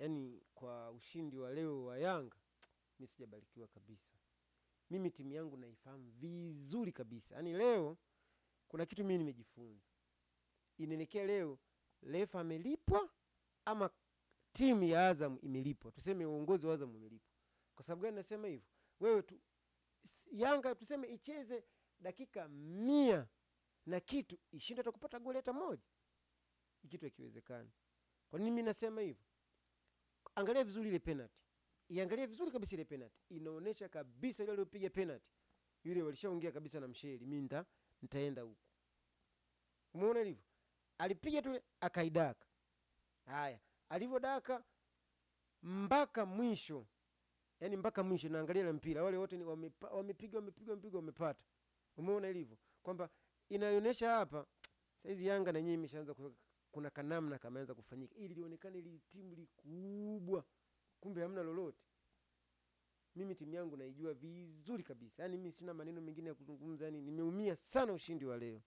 yani kwa ushindi wa leo wa Yanga mi sijabarikiwa kabisa. Mimi timu yangu naifahamu vizuri kabisa, yani leo kuna kitu mimi nimejifunza, inaelekea leo refa amelipwa ama timu ya Azam imelipwa, tuseme uongozi wa Azam umelipwa. Kwa sababu gani nasema hivyo? Wewe tu Yanga tuseme icheze dakika mia na kitu ishindo hata kupata goli hata moja, kitu hakiwezekani. Kwa nini mimi nasema hivyo? angalia vizuri ile penalty, iangalia vizuri kabisa ile penalty, inaonesha kabisa yule aliyopiga penalty yule walishaongea kabisa na msheli mimi nita nitaenda huko. Umeona ilivyo, alipiga tu akaidaka. Haya, alivyodaka mpaka mwisho, yani mpaka mwisho, naangalia ile mpira wale wote wamepiga wamepiga wamepiga wamepata. Umeona ilivyo kwamba inaonyesha hapa saizi Yanga na nyinyi imeshaanza kuna kanamna kameanza kufanyika ili lionekane ili timu likuu kumbe hamna lolote. Mimi timu yangu naijua vizuri kabisa, yaani mimi sina maneno mengine ya kuzungumza, yaani nimeumia sana ushindi wa leo.